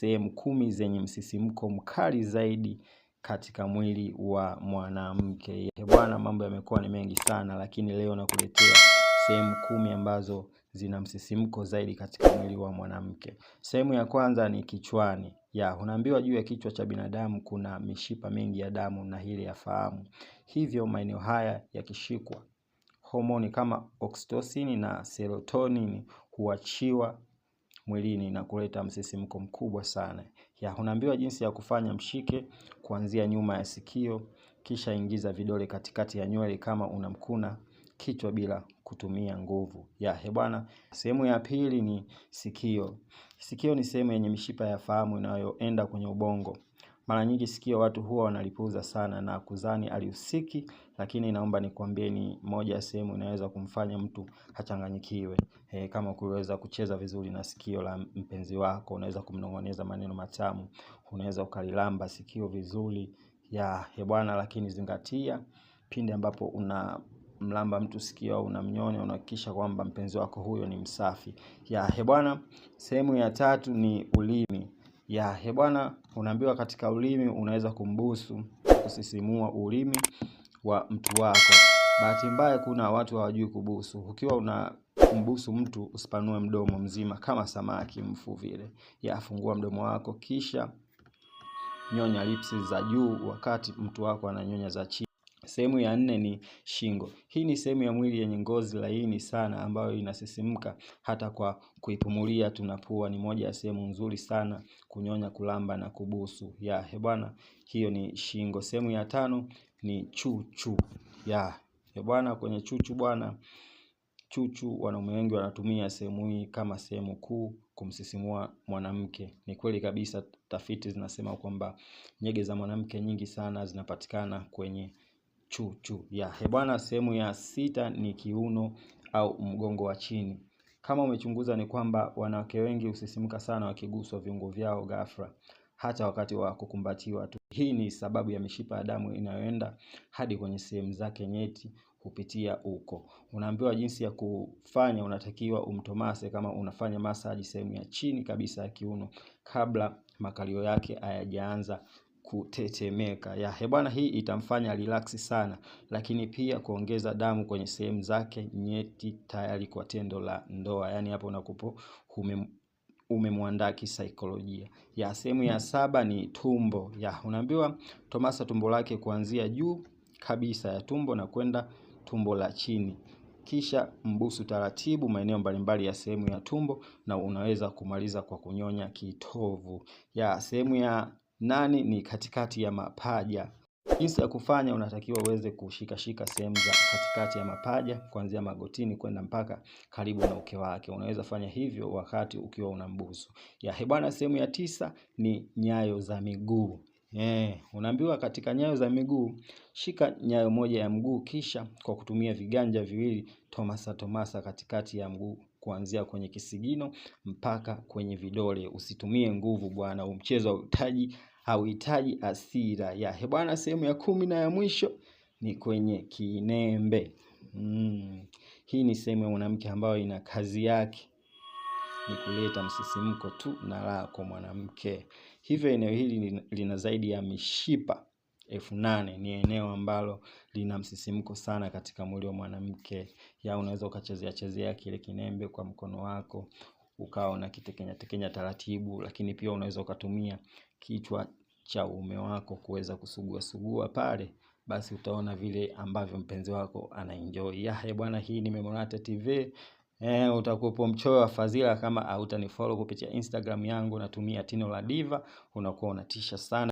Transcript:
sehemu kumi zenye msisimko mkali zaidi katika mwili wa mwanamke. Bwana, mambo yamekuwa ni mengi sana, lakini leo nakuletea sehemu kumi ambazo zina msisimko zaidi katika mwili wa mwanamke. Sehemu ya kwanza ni kichwani. Ya, unaambiwa juu ya kichwa cha binadamu kuna mishipa mingi ya damu na ile ya fahamu. Hivyo maeneo haya yakishikwa, homoni kama oksitosini na serotonini huachiwa mwilini na kuleta msisimko mkubwa sana. Ya unaambiwa jinsi ya kufanya mshike kuanzia nyuma ya sikio kisha ingiza vidole katikati ya nywele kama unamkuna kichwa bila kutumia nguvu. Ya hebwana bwana, sehemu ya pili ni sikio. Sikio ni sehemu yenye mishipa ya fahamu inayoenda kwenye ubongo. Mara nyingi sikio watu huwa wanalipuuza sana na kuzani alihusiki lakini naomba nikwambie ni moja ya sehemu inaweza kumfanya mtu achanganyikiwe. Kama kuweza kucheza vizuri na sikio la mpenzi wako, unaweza kumnong'oneza maneno matamu, unaweza ukalilamba sikio vizuri. Ya bwana lakini zingatia pindi ambapo unamlamba mtu sikio au unamnyonya unahakikisha kwamba mpenzi wako huyo ni msafi. Ya bwana sehemu ya tatu ni ulimi ya hebwana, unaambiwa katika ulimi unaweza kumbusu kusisimua ulimi wa mtu wako. Bahati mbaya, kuna watu hawajui kubusu. Ukiwa una mbusu mtu usipanue mdomo mzima kama samaki mfu vile, ya fungua mdomo wako kisha nyonya lips za juu wakati mtu wako ananyonya za chini. Sehemu ya nne ni shingo. Hii ni sehemu ya mwili yenye ngozi laini sana ambayo inasisimka hata kwa kuipumulia tunapua ni moja ya sehemu nzuri sana kunyonya, kulamba na kubusu. Ya he bwana hiyo ni shingo. Sehemu ya tano ni chuchu. Ya he bwana kwenye chuchu bwana chuchu wanaume wengi wanatumia sehemu hii kama sehemu kuu kumsisimua mwanamke. Ni kweli kabisa tafiti zinasema kwamba nyege za mwanamke nyingi sana zinapatikana kwenye chu chu ya hebwana. Sehemu ya sita ni kiuno au mgongo wa chini. Kama umechunguza, ni kwamba wanawake wengi husisimka sana wakiguswa viungo vyao ghafla, hata wakati wa kukumbatiwa tu. Hii ni sababu ya mishipa ya damu inayoenda hadi kwenye sehemu zake nyeti kupitia uko. Unaambiwa jinsi ya kufanya, unatakiwa umtomase kama unafanya masaji sehemu ya chini kabisa ya kiuno kabla makalio yake hayajaanza kutetemeka. Ya bwana hii itamfanya relax sana, lakini pia kuongeza damu kwenye sehemu zake nyeti tayari kwa tendo la ndoa. Yaani hapo unakupo umemwandaa kisaikolojia. Ya sehemu ya saba ni tumbo. Ya unaambiwa Tomasa tumbo lake kuanzia juu kabisa ya tumbo na kwenda tumbo la chini kisha mbusu taratibu maeneo mbalimbali ya sehemu ya tumbo na unaweza kumaliza kwa kunyonya kitovu. Ya sehemu ya Nane ni katikati ya mapaja. Jinsi ya kufanya, unatakiwa uweze kushikashika sehemu za katikati ya mapaja kuanzia magotini kwenda mpaka karibu na uke wake. Unaweza fanya hivyo wakati ukiwa una mbusu ya hebwana. Sehemu ya tisa ni nyayo za miguu. Eh, unaambiwa katika nyayo za miguu shika nyayo moja ya mguu, kisha kwa kutumia viganja viwili tomasa tomasa katikati ya mguu kuanzia kwenye kisigino mpaka kwenye vidole. Usitumie nguvu bwana, huu mchezo hauhitaji hauhitaji asira ya he bwana. Sehemu ya kumi na ya mwisho ni kwenye kinembe. Mm. Hii ni sehemu ya mwanamke ambayo ina kazi yake ni kuleta msisimko tu na raha kwa mwanamke. Hivyo eneo hili lina zaidi ya mishipa elfu nane ni eneo ambalo lina msisimko sana katika mwili wa mwanamke, ya unaweza ukachezea chezea kile kinembe kwa mkono wako ukawa na kitekenya tekenya taratibu, lakini pia unaweza ukatumia kichwa cha uume wako kuweza kusugua sugua pale, basi utaona vile ambavyo mpenzi wako anaenjoy. Yahe bwana, hii ni Memorata TV. Eh, utakuwepo mchoyo wa fadhila kama hautanifollow kupitia Instagram yangu natumia Tino la Diva, unakuwa unatisha sana.